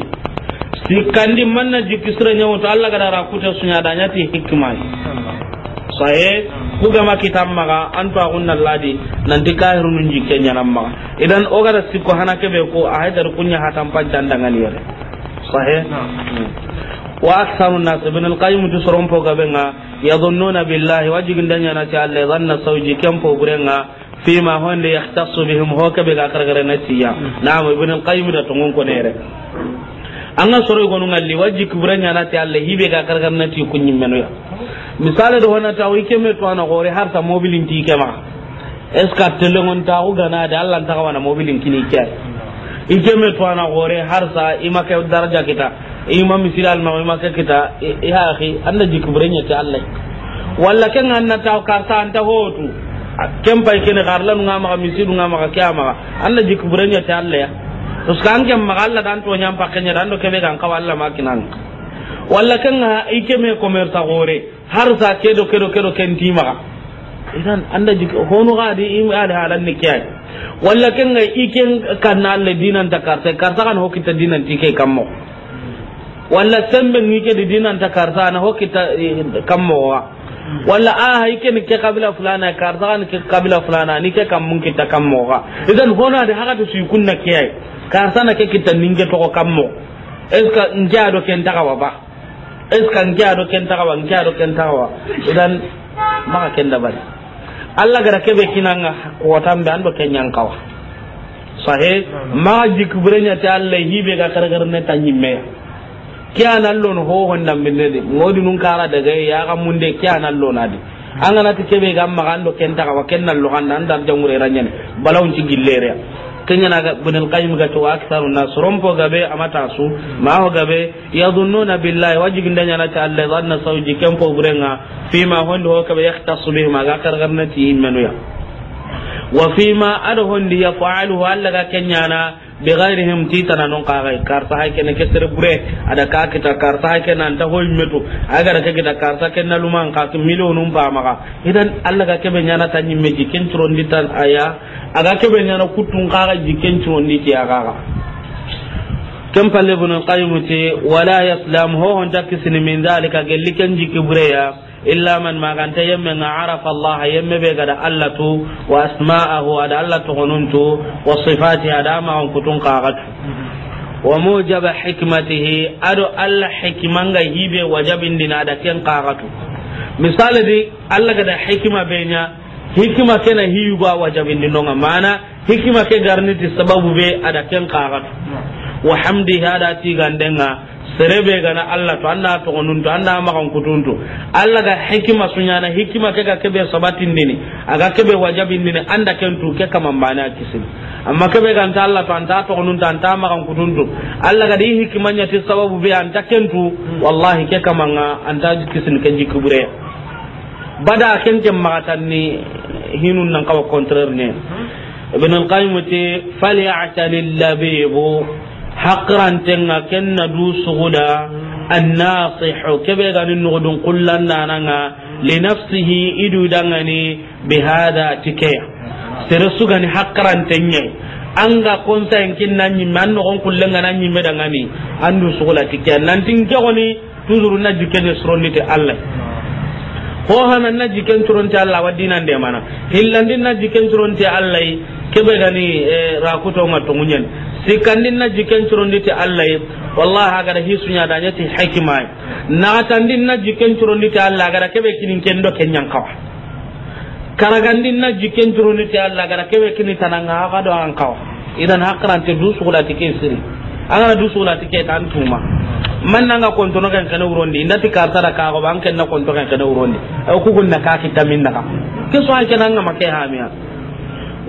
sikandi manna jiki sura nyawtu Allah ga ra ku kuta sunya da nyati hikma sahe ga ma kitam ma an ta gunna ladi nanti kahirun nun jikke nyanam maga idan oga da sikko hana be ko a haidar kunya hatam dandanga ni re sahe wa aktharu nas ibn al qayyim tu soron po gabenga yadhunnuna billahi wajigindanya na ta Allah dhanna sawji kam po burenga فيما هون يختص بهم هو كبير أكرر نسيا نعم ابن القيم ده تنقون كنيرة anga soro gonu ngalli waji kubranya na ta Allah hibe ga kargar na ti kunyin meno ya misali da wannan ta wike me to ana gore har ta mobilin ti kema eska telongon ta u gana da Allah ta kawana mobilin kini kya ike me to ana gore har sa ima ka daraja kita ima misali al ma ima ka kita ya akhi anda ji kubranya ta Allah walla kan anna ta karta anta hotu kem pay kene garla nu ngama misi nu ngama kiyama Allah jik burenya ta Allah ya to kan kem magalla dan to nyam pakenya dan do kebe kan kawalla makinan walla kan ha ike me komerta gore har sa kedo kedo kedo ken timaga idan anda jik hono gadi im ala halan ne kiyai walla kan ga ike kan Allah dinan ta karta karta kan hokita dinan tike kammo walla sembe ngike dinan ta karta na hokita eh, kammo wa wala a ah, hay ken ke kabila fulana karza ni ke kabila fulana ni ke kam mun kita kam mo ga idan hono da haka to su kunna ke ai karza na ke kita ninge to kam mo eska nja do ken daga ba eska nja do ken daga wa nja do ken daga wa idan maka ken da bari Allah gara kebe kinanga ko tambe an do ken yankawa sahe ma jikburenya ta Allah hibe ga kare ne ta nyimme kya nan lon ho hon nan minne de modi nun kara daga ya ga mun de kya nan lon adi an ga na nati kebe ga ma gando ken ta wa ken nan lo kan nan dan jamure ranyen balawun ci gille gillere kenya na ga bunal qayyim ga to aksaru nas rompo ga be amata su ma ho ga be yadunnuna billahi wajib wajibin danya na ta Allah zanna sauji ken po burenga fima hon ho ka be yahtasu bihi ma ga kar kargarnati manu ya wa fima adhon li yaf'aluhu Allah ga kenya na be ghairihim ti tananun kaga karta hake ke sere bure ada ka kita karta hake nan ta hoy metu agar ka kita karta ken na luman ka milionun ba maka idan Allah ka kebe nyana tanyi me jikin tron ditan aya aga kebe nyana kutun kaga jikin tron diti aga كم قال ابن القيم ولا يسلم هو هنتك من ذلك قال لك نجي كبريا illa man maganta yemme nga arafa allah yemme be gada allah tu wa asma'ahu ada allah tu gonuntu wa sifati ada ma on kutun qaqatu wa mujaba hikmatihi ado allah ga hibe wajabin dina da ken qaqatu misali di allah gada hikma benya hikma kena hiyuba wajabin dinonga mana hikma ke garniti sababu be ada ken qaqatu wa hamdi hada tigandenga serebe gana Allah to anna to onun to anna ma kan kutun to Allah ga hikima sunya na hikima ke ga kebe sabatin dini aga kebe wajabin dini anda ken tu ke kama mana kisin amma kebe ga anta Allah to anta to onun to anta ma kan kutun to Allah ga di hikimanya ti sababu be anta ken tu wallahi ke kama nga anta kisin ke kubure bada ken ke magatan ni hinun nan kawa contraire ne ibn al-qayyim te falyatal labibu haqirantenga kenna du suguda annasihu kebe gani nugudun kullandananga linafsihi idudangani bihada tikeya sere sugani haqirantenye anga konsa yankin nan yimme an nogon kullenga nan yimme dangani andu sugula tikeya nantin kegoni tuzuru na ni te allah ko hanan na jiken turonte Allah wa dinan da e mana hillandin na jiken turonte Allah ke bai gani e, rakuto nga tungunyen sikandin na jiken turondi te Allah wallahi ga da agara hisunya da ti hikima e. na tandin na jiken turondi te Allah agara kebe kinin do kenyan kawa karagandin na jiken turondi te Allah ke kebe kinin tananga ga do an kawa idan hakran ta dusu kula te kesiri kana du suna tike tan tuma man nanga kontono kan kana urondi ti karta da ka ko banken na kontono kan kana urondi ko kunna ka kitamin min daga ke so ay kana make hamiya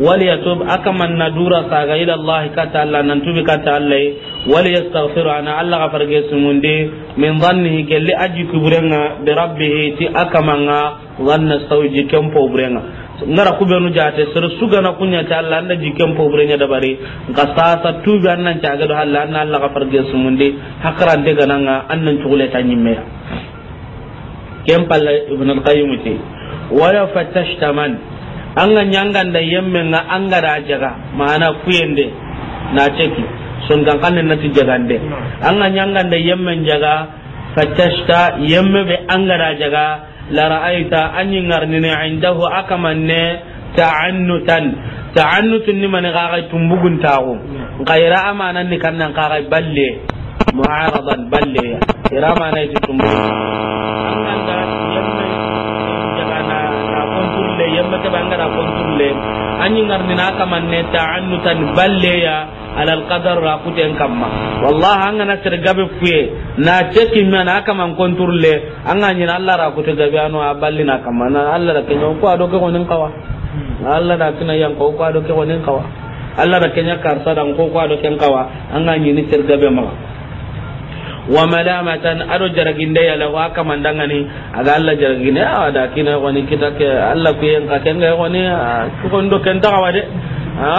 وليتوب أكما ندورا ساغا إلى الله كتا الله ننتوب وليستغفر أنا الله غفر جسمون دي من ظنه كل أجي كبرنا بربه تي أكما ظن السوجي كم فوبرنا ngara ku benu jate sir suga na kunya ta Allah anda jikem pobre nya dabare sa sasa tubi annan ta ga do Allah anna Allah ka farge sumunde hakran de gananga annan chugule ta nyimme kem ibn al-qayyim wala anga nyanganda yemme nga anga da jaga mana kuyende na ceki sun kan kan na tijagande anga nyanganda yemme jaga fatashta yemme be anga da jaga la ra'aita an yingarni ne indahu akamanne ta'annutan ta'annutun ni mani ga ga tumbugun tawo gaira amanan ni kan nan ga balle mu'aradan balle ira mana ti tumbugun balle anyi ngarni na kamanne ta'annutan balle ya alal qadar ra kuten kamma wallahi an na tir gabe kuye na teki me na kontur le an anyi na Allah ra kuten gabe anu a balli na na Allah da kenyo ko ado ko nin kawa Allah da kina yan ko ko ado ko nin kawa Allah da kenya karsa dan ko ko ado ken kawa an anyi ni tir gabe ma wa malamatan ado jaraginde yala wa kamandangani aga Allah jaraginde a da kina wani kita ke Allah ku yen ka kenga wani ku kondo kenta wa de ha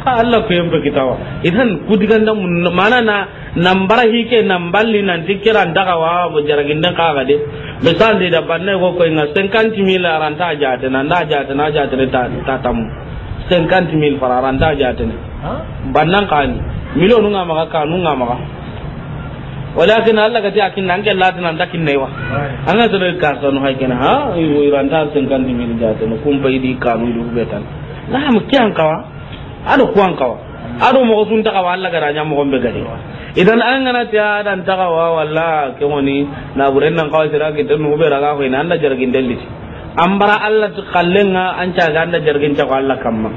ka Allah ku yen be kita wa idan kudiganda mun mana na nambara hike namballi nan tikiran daga wa bo jaraginde ka ga de misal de da banne ko ko inga 50 mil aranta jate na na jate na jate ta ta tamu 50 mil fararanta jate ne bannan kani milionu nga maka kanu nga maka walakin Allah gati akin nan ke latin nan takin ne wa an ga zai ka sanu hakin ha yo ran ta sun kan dimi da ta mu kun bai di kanu du betan na mu kiyan kawa ah? ado an kawa ah? ado mo sun ta kawa Allah gara nya mo gombe gari idan an gana ta dan ta kawa ah, walla ke woni na buren nan kawai sira ke tunu be raga ko an da jargin dalli an bara Allah ta kallenga an ta an da jargin ta ko Allah kamma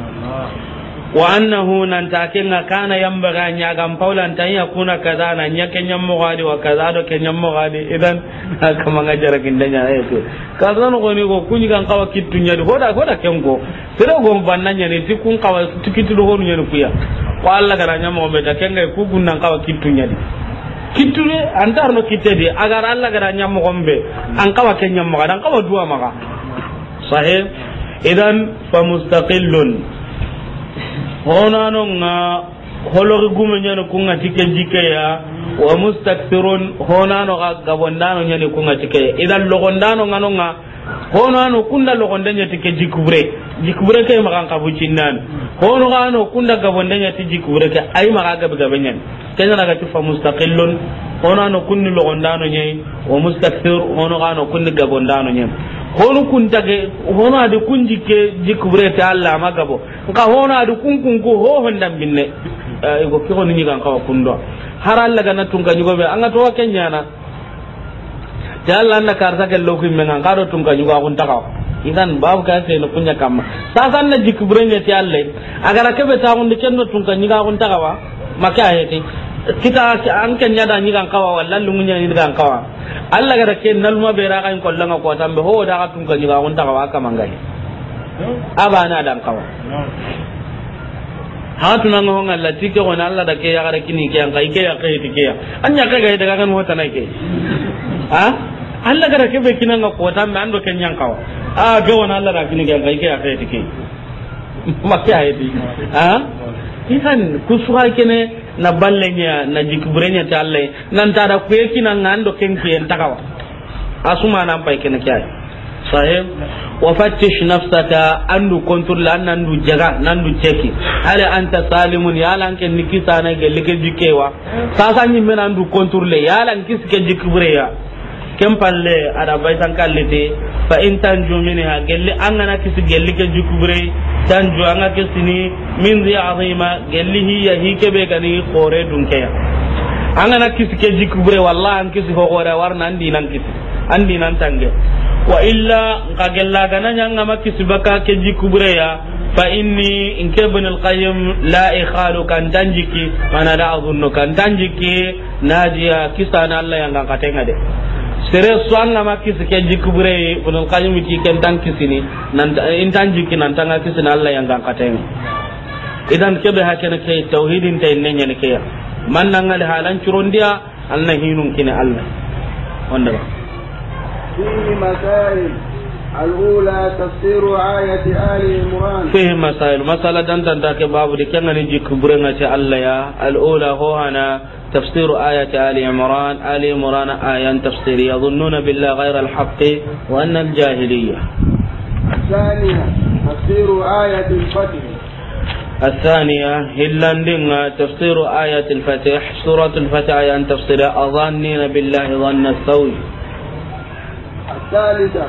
wa annahu nan ta kenga kana yambaga nya gam paulan tan yakuna kaza nan wa kaza do kenyam kama nga jara kindanya kaza no goni go kunyi kan kawa kitu nya hoda hoda kengo tere go bannanya ne tikun kawa tikitu do honu nya kuya wa alla kana nya mo meta kenga ku kunnan kawa kitu nya di kitu ne antar no kitte di agar kana nya mo gombe an kawa kenyam an kawa idan fa honanonga hologi gumeñani kunga tike jikeya wa mustakbirun honanoga gabondano ñani kunga tikeya idan logondanonganonga hono ano kunda logonde nyati ke jikubre jikubre ke makan kabu cinnan hono ano kunda gabonde nyati jikubre ke ay maka gabe gabe nyen kenya naga tufa mustaqillun hono ano kunni logondano nyen o mustakthir hono ano kunni gabondano nyen hono kunta ke hono adu kunji ke jikubure ta Allah magabo nka hono kun kun ko ho honda binne e eh, go kiko ni nyigan kawa kundo Haral Allah ga na tunga nyugo be anga to kenya na jalla na karsa ke lokin men an kado tun kan yuga kun taka idan babu ka sai no kunya kamma sasan na jikbure ne ti alle agara ke be tawun de kenno tun kan yuga kun taka wa maka ti kita an kan yada ni kan kawa wallan lungunya ni kan kawa alla ga ke ma be ra kan langa ko tambe ho da ka tun kan yuga kun taka wa aba na dan kawa hatu nan ho ngalla tike ko alla da ke ya gara kini ke an kai ke ya kai tike ya anya ka ga daga kan mota na ke ha alla gara ke be kinan ga kota me ando ken yang kawa a ah, ga wana alla ra kini ga ga ke akai tike makke ayati ha ah? ihan kusura kene na ballenya na jikubrenya ta alla nan ta da kinan ga ando ken ke takawa asuma nan wa fattish nafsaka kontrol an nandu jaga cheki anta salimun ya lan ken nikisa na gelike jikewa kontrol ya lan kiske ken palle ada bay tan kallite fa in jumini ha gelli angana kisi gelli ke jukure tanju anga kisini min zi azima gelli hiya ke be gani khore dunke angana kisi ke jukure walla an kisi ho war warna di nan kisi an di nan tange wa illa ka gella gana nyanga makisi baka ke jukure ya fa inni in ke al qayyim la ikhalu kan tanjiki mana da azunnu kan tanjiki najiya kisa na Allah yang kan katenga de sere suan nama kisi ke jikubure bunun kayum ki ken tan kisini nan intan eh, jiki nan tanga na Allah yang gang katemi idan ke be hakene kai tauhidin tay nenya ne ke man nan ngal halan curondia Allah hinun kini Allah wanda ba fihi masail الأولى تفسير آية آل عمران فيه مسائل مسألة دان دان داك باب دي كان نجي كبرنا الله يا الأولى ho أنا تفسير آية آل عمران آل عمران آية تفسير يظنون بالله غير الحق وأن الجاهلية الثانية تفسير آية الفتح الثانية هلندنا تفسير آية الفتح سورة الفتح آية تفسير أظنين بالله ظن السوء الثالثة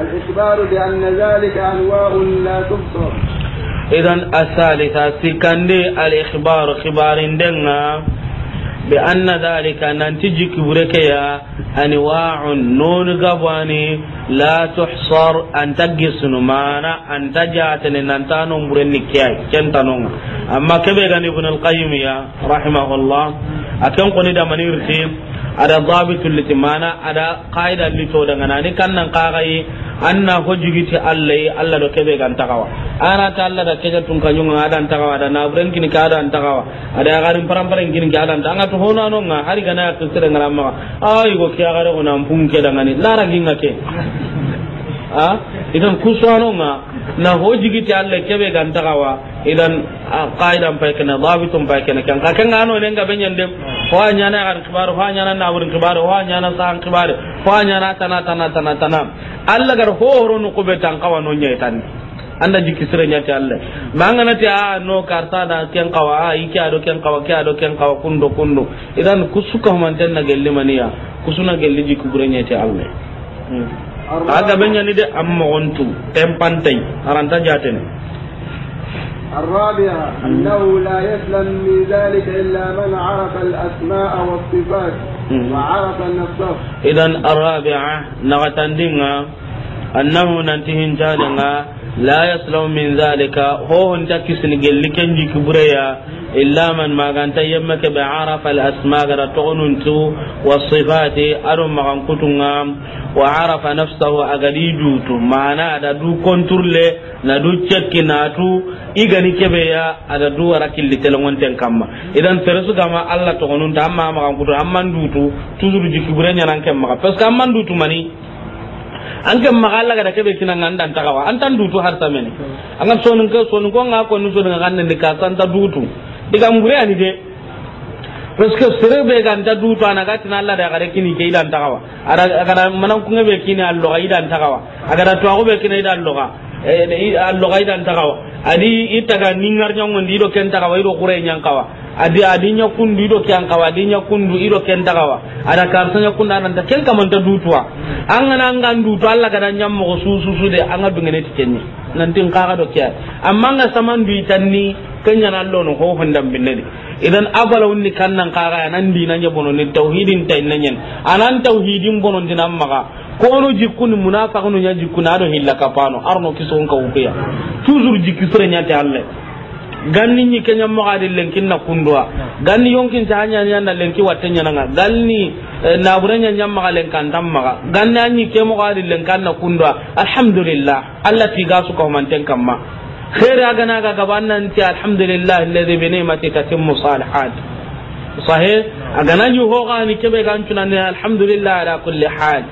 الإخبار بأن ذلك أنواع لا تبصر إذا الثالثة لي الإخبار خبار دنا bi anna dhalika nanti jikibure ke ya anwa'un nun gabani la tuhsar anta gisnu mana anta jatani nanta non burenni kiyai kenta non amma kebe gani ibn al-qayyim ya rahimahullah akan koni da manirti ada dhabitul litimana ada qaida lito daga kan nan qaqai anna ko jigiti allah yi allah do kebe gan tagawa ana ta allah da kebe tun kanyun nga adan tagawa da nabren kini ka adan tagawa ada garin paramparan kini ka adan anga to hono no nga hari gana ka sire ngara ma ay go kiya gare ona mpun ke da ngani lara ginga ke a idan kusano nga na ho jigiti allah kebe gan tagawa idan qaidan pa kana dabitun pa kana kan ka kan ano ne ga benyen dem anya na ar kibar wa anya na wurin kibar anya na sa an kibar wa nyana tana tana tana tana allah gar horo nu kube tan kawa no tan anda jiki sere nyati allah manga ti a ah, no karta da ken kawa ah, a iki ado ken kawa ki ado ken kawa kundo kundo idan kusuka humanten na gelle maniya kusuna gelle jiki bure nyati allah hmm. aga benya ni de am mogontu tempantai aranta jaten الرابعة أنه لا يسلم من ذلك إلا من عرف الأسماء والصفات idan arabi'a nagatandinga annahu nantihin jalenga la yaslamu min zalika ho honta kisin gelli kenji kibureya illa man maganta yemma ke be arafa al asma gara togonuntu wa sifati adon magan kutunga wa arafa nafsahu agadi dutu mana ada du konturle na du cekki natu igani kebe ya ada du wara killi telongonten kamma idan teresu gama Allah togonunta amma magan kutu amma dutu tuzuru jikibure nyanan kemma parce que amma dutu mani an kan magalla da kebe kinan an dan tagawa an tan dutu har samene an kan sonin ka sonin ko nga ko nusu daga kan ne ka san ta dutu diga mure ani de parce que sere be ga ta dutu ana ga tin Allah da gare kini ke idan takawa ara ga manan kunga be kini Allah ga idan takawa aga da to ko be kini idan Allah eh, eh, Allah ga idan takawa adi itaga ningar nyong dido ken takawa ido kure kawa adi nya kundu ido ke an kawa nya kundu ido ken dagawa ada karsanya kundu ananda ken kamanta dutuwa an ga nan gan dutu alla ga nya mo su su su de an ga ngene tikenni nan tin kaga do kya amma ga saman bi tanni nya nan lono ho hondam binne idan abala wonni kannan kaga nan dinan ya bono ni tauhidin nan nanyen anan tauhidin bono dinan maga kono jikkuni munafiqunu nya na do hilla kapano arno kiso on kawuya toujours jikku sore nya ta alle ganni ni kenya mo gadi lenki na kundwa ganni yonkin ta hanya nya na lenki watanya nga ganni eh, na buranya nya ma lenkan tam ma ganni anyi ke mo gadi lenkan na kundwa alhamdulillah allah fi gasu ko man ten kamma khair aga na ga gaban nan ti alhamdulillah alladhi bi ni'mati tatimmu salihat sahih aga na yu ho ni ke be gan tunan alhamdulillah ala kulli hal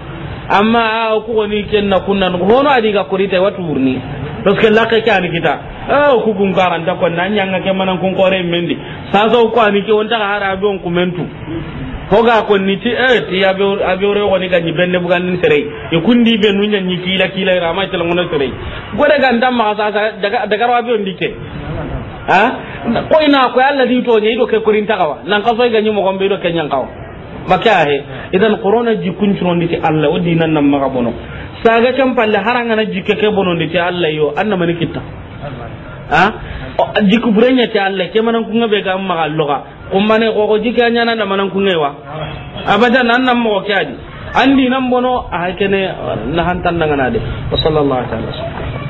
amma ah, ku ni ken na kunna ho hono adiga kurita watu urni parce que la kake ani kita ah ku kun garanta ko nan yanga ke manan kun kore mendi sa zo ko ani ke wonta hara be on kumentu ko ga ko ni ti eh ti ya be abe ore woni ga ni benne bugan ni sere e kundi be nunya ni kila kila ra ma tala ngona sere go daga ndam ma sa daga daga ra be on dike ha ko ina ko Allah di to ni do ke kurin takawa nan ka so ga ni mo gombe do kenyan kawa maka idan corona jikun curon diti Allah o dinan nan maka bono saga kan palle haranga na jike ke bono diti Allah yo anna mani kitta ha jiku burenya ti Allah ke manan kunga be ga maka loga ummane ko ko jikka nyana na manan kunga wa abadan nan nan mo kadi andi nan bono a hakene na hantan nan de sallallahu alaihi wasallam